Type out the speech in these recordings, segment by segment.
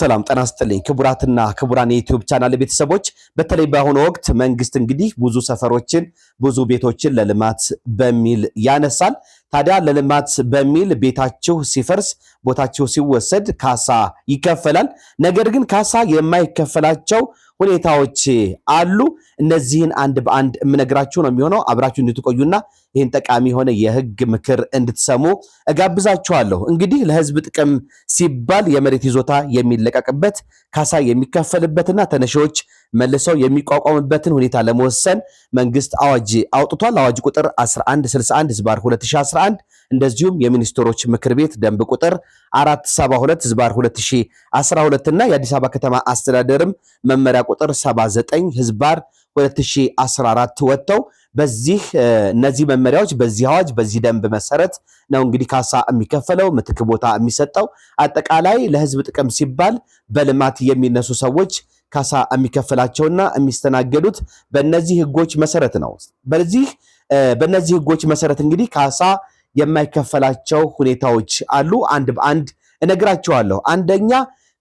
ሰላም ጤና ይስጥልኝ ክቡራትና ክቡራን የዩቲዩብ ቻናል ቤተሰቦች፣ በተለይ በአሁኑ ወቅት መንግስት እንግዲህ ብዙ ሰፈሮችን ብዙ ቤቶችን ለልማት በሚል ያነሳል። ታዲያ ለልማት በሚል ቤታችሁ ሲፈርስ ቦታችሁ ሲወሰድ ካሳ ይከፈላል። ነገር ግን ካሳ የማይከፈላቸው ሁኔታዎች አሉ። እነዚህን አንድ በአንድ የምነግራችሁ ነው የሚሆነው። አብራችሁ እንድትቆዩና ይህን ጠቃሚ የሆነ የህግ ምክር እንድትሰሙ እጋብዛችኋለሁ። እንግዲህ ለህዝብ ጥቅም ሲባል የመሬት ይዞታ የሚለቀቅበት ካሳ የሚከፈልበትና ተነሺዎች መልሰው የሚቋቋምበትን ሁኔታ ለመወሰን መንግስት አዋጅ አውጥቷል። አዋጅ ቁጥር 1161 ዝባር 2011 እንደዚሁም የሚኒስትሮች ምክር ቤት ደንብ ቁጥር 472 ዝባር 2012 እና የአዲስ አበባ ከተማ አስተዳደርም መመሪያ ቁጥር 79 ህዝባር 2014 ወጥተው በዚህ እነዚህ መመሪያዎች በዚህ አዋጅ በዚህ ደንብ መሰረት ነው እንግዲህ ካሳ የሚከፈለው፣ ምትክ ቦታ የሚሰጠው አጠቃላይ ለህዝብ ጥቅም ሲባል በልማት የሚነሱ ሰዎች ካሳ የሚከፈላቸውና የሚስተናገዱት በእነዚህ ህጎች መሰረት ነው። በዚህ በእነዚህ ህጎች መሰረት እንግዲህ ካሳ የማይከፈላቸው ሁኔታዎች አሉ። አንድ በአንድ እነግራቸዋለሁ። አንደኛ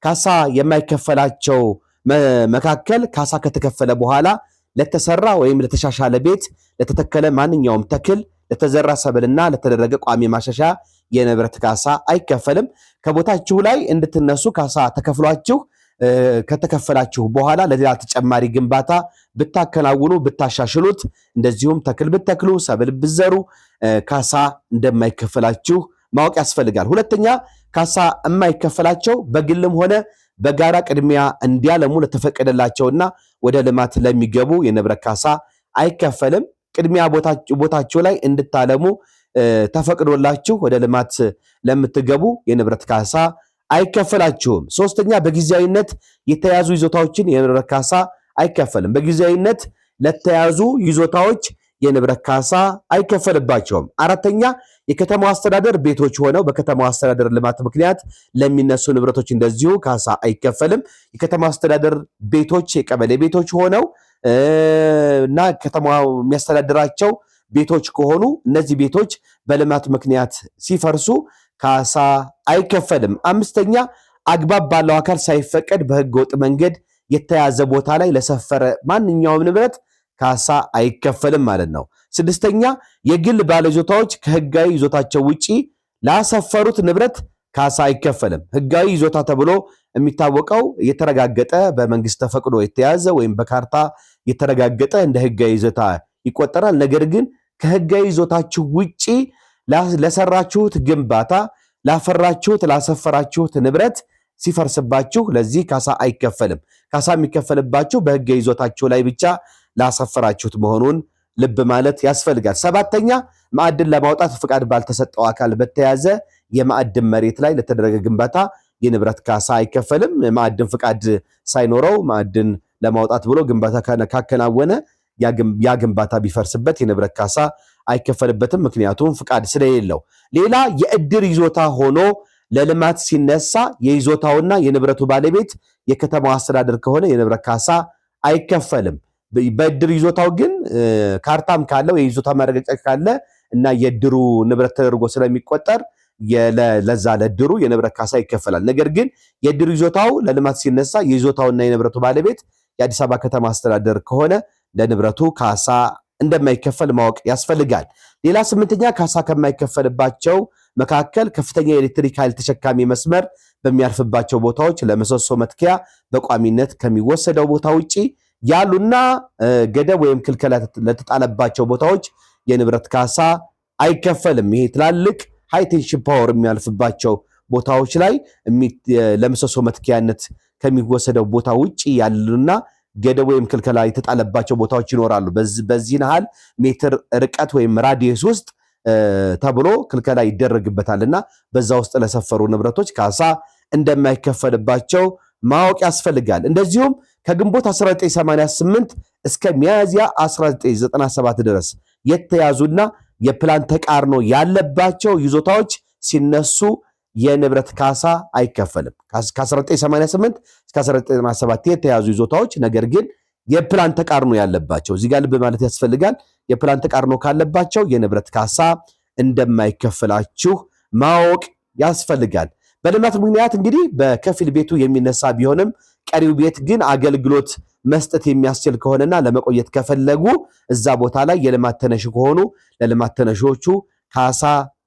ካሳ የማይከፈላቸው መካከል ካሳ ከተከፈለ በኋላ ለተሰራ ወይም ለተሻሻለ ቤት፣ ለተተከለ ማንኛውም ተክል፣ ለተዘራ ሰብልና ለተደረገ ቋሚ ማሻሻያ የንብረት ካሳ አይከፈልም። ከቦታችሁ ላይ እንድትነሱ ካሳ ተከፍሏችሁ ከተከፈላችሁ በኋላ ለሌላ ተጨማሪ ግንባታ ብታከናውኑ ብታሻሽሉት፣ እንደዚሁም ተክል ብትተክሉ ሰብል ብዘሩ ካሳ እንደማይከፈላችሁ ማወቅ ያስፈልጋል። ሁለተኛ ካሳ የማይከፈላቸው በግልም ሆነ በጋራ ቅድሚያ እንዲያለሙ ለተፈቀደላቸውና ወደ ልማት ለሚገቡ የንብረት ካሳ አይከፈልም። ቅድሚያ ቦታቸው ላይ እንድታለሙ ተፈቅዶላችሁ ወደ ልማት ለምትገቡ የንብረት ካሳ አይከፈላችሁም። ሶስተኛ በጊዜያዊነት የተያዙ ይዞታዎችን የንብረት ካሳ አይከፈልም። በጊዜያዊነት ለተያዙ ይዞታዎች የንብረት ካሳ አይከፈልባቸውም። አራተኛ የከተማው አስተዳደር ቤቶች ሆነው በከተማው አስተዳደር ልማት ምክንያት ለሚነሱ ንብረቶች እንደዚሁ ካሳ አይከፈልም። የከተማው አስተዳደር ቤቶች የቀበሌ ቤቶች ሆነው እና ከተማው የሚያስተዳድራቸው ቤቶች ከሆኑ እነዚህ ቤቶች በልማት ምክንያት ሲፈርሱ ካሳ አይከፈልም። አምስተኛ አግባብ ባለው አካል ሳይፈቀድ በህገ ወጥ መንገድ የተያዘ ቦታ ላይ ለሰፈረ ማንኛውም ንብረት ካሳ አይከፈልም ማለት ነው። ስድስተኛ የግል ባለይዞታዎች ከህጋዊ ይዞታቸው ውጪ ላሰፈሩት ንብረት ካሳ አይከፈልም። ህጋዊ ይዞታ ተብሎ የሚታወቀው የተረጋገጠ በመንግስት ተፈቅዶ የተያዘ ወይም በካርታ የተረጋገጠ እንደ ህጋዊ ይዞታ ይቆጠራል። ነገር ግን ከህጋዊ ይዞታችሁ ውጪ ለሰራችሁት ግንባታ፣ ላፈራችሁት፣ ላሰፈራችሁት ንብረት ሲፈርስባችሁ ለዚህ ካሳ አይከፈልም። ካሳ የሚከፈልባችሁ በህገ ይዞታችሁ ላይ ብቻ ላሰፈራችሁት መሆኑን ልብ ማለት ያስፈልጋል። ሰባተኛ ማዕድን ለማውጣት ፍቃድ ባልተሰጠው አካል በተያዘ የማዕድን መሬት ላይ ለተደረገ ግንባታ የንብረት ካሳ አይከፈልም። ማዕድን ፍቃድ ሳይኖረው ማዕድን ለማውጣት ብሎ ግንባታ ካከናወነ ያ ግንባታ ቢፈርስበት የንብረት ካሳ አይከፈልበትም፣ ምክንያቱም ፍቃድ ስለሌለው። ሌላ የእድር ይዞታ ሆኖ ለልማት ሲነሳ የይዞታውና የንብረቱ ባለቤት የከተማው አስተዳደር ከሆነ የንብረት ካሳ አይከፈልም። በእድር ይዞታው ግን ካርታም ካለው የይዞታ ማረጋገጫ ካለ እና የእድሩ ንብረት ተደርጎ ስለሚቆጠር ለዛ ለእድሩ የንብረት ካሳ ይከፈላል። ነገር ግን የእድሩ ይዞታው ለልማት ሲነሳ የይዞታውና የንብረቱ ባለቤት የአዲስ አበባ ከተማ አስተዳደር ከሆነ ለንብረቱ ካሳ እንደማይከፈል ማወቅ ያስፈልጋል። ሌላ ስምንተኛ ካሳ ከማይከፈልባቸው መካከል ከፍተኛ የኤሌክትሪክ ኃይል ተሸካሚ መስመር በሚያርፍባቸው ቦታዎች ለምሰሶ መትኪያ በቋሚነት ከሚወሰደው ቦታ ውጪ ያሉና ገደብ ወይም ክልከላ ለተጣለባቸው ቦታዎች የንብረት ካሳ አይከፈልም። ይሄ ትላልቅ ሃይቴንሽን ፓወር የሚያልፍባቸው ቦታዎች ላይ ለምሰሶ መትኪያነት ከሚወሰደው ቦታ ውጪ ያሉና ገደብ ወይም ክልከላ የተጣለባቸው ቦታዎች ይኖራሉ። በዚህ ያህል ሜትር ርቀት ወይም ራዲየስ ውስጥ ተብሎ ክልከላ ይደረግበታል እና በዛ ውስጥ ለሰፈሩ ንብረቶች ካሳ እንደማይከፈልባቸው ማወቅ ያስፈልጋል። እንደዚሁም ከግንቦት 1988 እስከ ሚያዝያ 1997 ድረስ የተያዙና የፕላን ተቃርኖ ያለባቸው ይዞታዎች ሲነሱ የንብረት ካሳ አይከፈልም። ከ1988 እስከ 1987 የተያዙ ይዞታዎች ነገር ግን የፕላን ተቃርኖ ያለባቸው እዚህ ጋር ልብ ማለት ያስፈልጋል። የፕላን ተቃርኖ ካለባቸው የንብረት ካሳ እንደማይከፈላችሁ ማወቅ ያስፈልጋል። በልማት ምክንያት እንግዲህ በከፊል ቤቱ የሚነሳ ቢሆንም ቀሪው ቤት ግን አገልግሎት መስጠት የሚያስችል ከሆነና ለመቆየት ከፈለጉ እዛ ቦታ ላይ የልማት ተነሽ ከሆኑ ለልማት ተነሾቹ ካሳ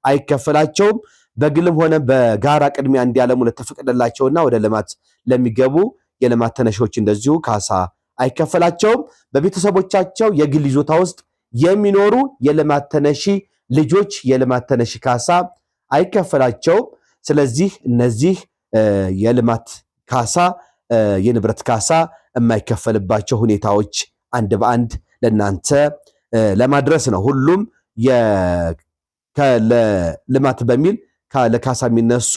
አይከፈላቸውም። በግልም ሆነ በጋራ ቅድሚያ እንዲያለሙ ለተፈቀደላቸውና ወደ ልማት ለሚገቡ የልማት ተነሾች እንደዚሁ ካሳ አይከፈላቸውም። በቤተሰቦቻቸው የግል ይዞታ ውስጥ የሚኖሩ የልማት ተነሺ ልጆች የልማት ተነሺ ካሳ አይከፈላቸውም። ስለዚህ እነዚህ የልማት ካሳ የንብረት ካሳ የማይከፈልባቸው ሁኔታዎች አንድ በአንድ ለእናንተ ለማድረስ ነው። ሁሉም ከልማት በሚል ለካሳ የሚነሱ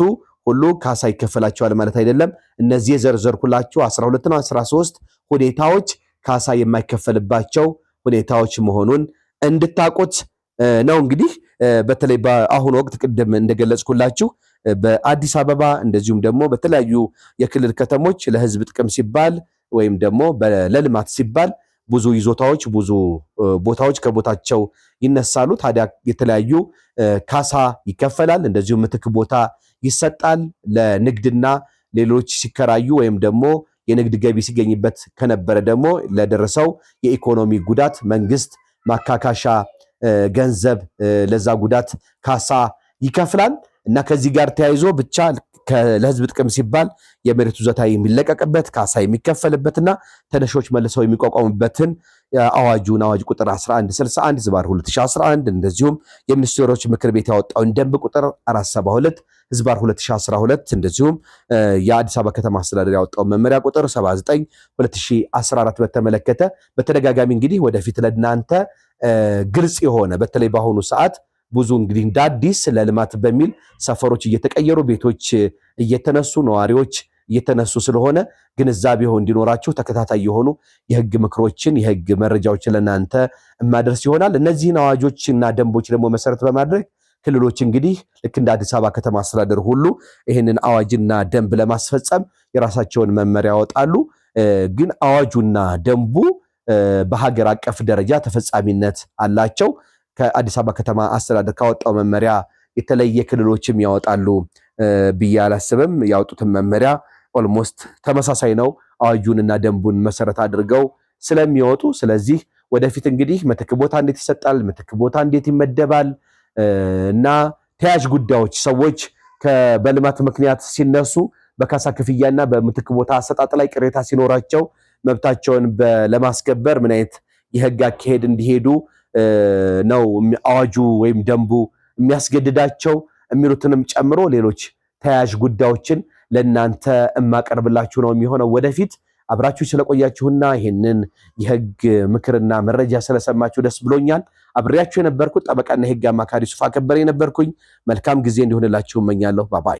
ሁሉ ካሳ ይከፈላቸዋል ማለት አይደለም። እነዚህ የዘርዘርኩላችሁ 12ና 13 ሁኔታዎች ካሳ የማይከፈልባቸው ሁኔታዎች መሆኑን እንድታቁት ነው። እንግዲህ በተለይ በአሁኑ ወቅት ቅድም እንደገለጽኩላችሁ በአዲስ አበባ እንደዚሁም ደግሞ በተለያዩ የክልል ከተሞች ለሕዝብ ጥቅም ሲባል ወይም ደግሞ ለልማት ሲባል ብዙ ይዞታዎች ብዙ ቦታዎች ከቦታቸው ይነሳሉ። ታዲያ የተለያዩ ካሳ ይከፈላል። እንደዚሁ ምትክ ቦታ ይሰጣል። ለንግድና ሌሎች ሲከራዩ ወይም ደግሞ የንግድ ገቢ ሲገኝበት ከነበረ ደግሞ ለደረሰው የኢኮኖሚ ጉዳት መንግስት ማካካሻ ገንዘብ ለዛ ጉዳት ካሳ ይከፍላል እና ከዚህ ጋር ተያይዞ ብቻ ለህዝብ ጥቅም ሲባል የመሬት ይዞታ የሚለቀቅበት ካሳ የሚከፈልበትና ተነሾች መልሰው የሚቋቋሙበትን አዋጁን አዋጅ ቁጥር 1161 ዝባር 2011 እንደዚሁም የሚኒስትሮች ምክር ቤት ያወጣውን ደንብ ቁጥር 472 ዝባር 2012 እንደዚሁም የአዲስ አበባ ከተማ አስተዳደር ያወጣውን መመሪያ ቁጥር 79 2014 በተመለከተ በተደጋጋሚ እንግዲህ ወደፊት ለእናንተ ግልጽ የሆነ በተለይ በአሁኑ ሰዓት ብዙ እንግዲህ እንደ አዲስ ለልማት በሚል ሰፈሮች እየተቀየሩ ቤቶች እየተነሱ ነዋሪዎች እየተነሱ ስለሆነ ሆ እንዲኖራችሁ ተከታታይ የሆኑ የህግ ምክሮችን የህግ መረጃዎችን ለእናንተ የማደርስ ይሆናል። እነዚህን አዋጆች እና ደንቦች ደግሞ መሰረት በማድረግ ክልሎች እንግዲህ ልክ እንደ አዲስ አበባ ከተማ አስተዳደር ሁሉ ይህንን አዋጅና ደንብ ለማስፈጸም የራሳቸውን መመሪያ ያወጣሉ። ግን አዋጁና ደንቡ በሀገር አቀፍ ደረጃ ተፈጻሚነት አላቸው። ከአዲስ አበባ ከተማ አስተዳደር ካወጣው መመሪያ የተለየ ክልሎችም ያወጣሉ ብዬ አላስብም። ያወጡትን መመሪያ ኦልሞስት ተመሳሳይ ነው። አዋጁንና ደንቡን መሰረት አድርገው ስለሚወጡ ስለዚህ ወደፊት እንግዲህ ምትክ ቦታ እንዴት ይሰጣል፣ ምትክ ቦታ እንዴት ይመደባል እና ተያዥ ጉዳዮች ሰዎች በልማት ምክንያት ሲነሱ በካሳ ክፍያና በምትክ ቦታ አሰጣጥ ላይ ቅሬታ ሲኖራቸው መብታቸውን ለማስከበር ምን አይነት የህግ አካሄድ እንዲሄዱ ነው አዋጁ ወይም ደንቡ የሚያስገድዳቸው የሚሉትንም ጨምሮ ሌሎች ተያያዥ ጉዳዮችን ለእናንተ የማቀርብላችሁ ነው የሚሆነው ወደፊት። አብራችሁ ስለቆያችሁና ይህንን የህግ ምክርና መረጃ ስለሰማችሁ ደስ ብሎኛል። አብሬያችሁ የነበርኩት ጠበቃና የህግ አማካሪ ሱፋ ከበር የነበርኩኝ። መልካም ጊዜ እንዲሆንላችሁ እመኛለሁ። ባባይ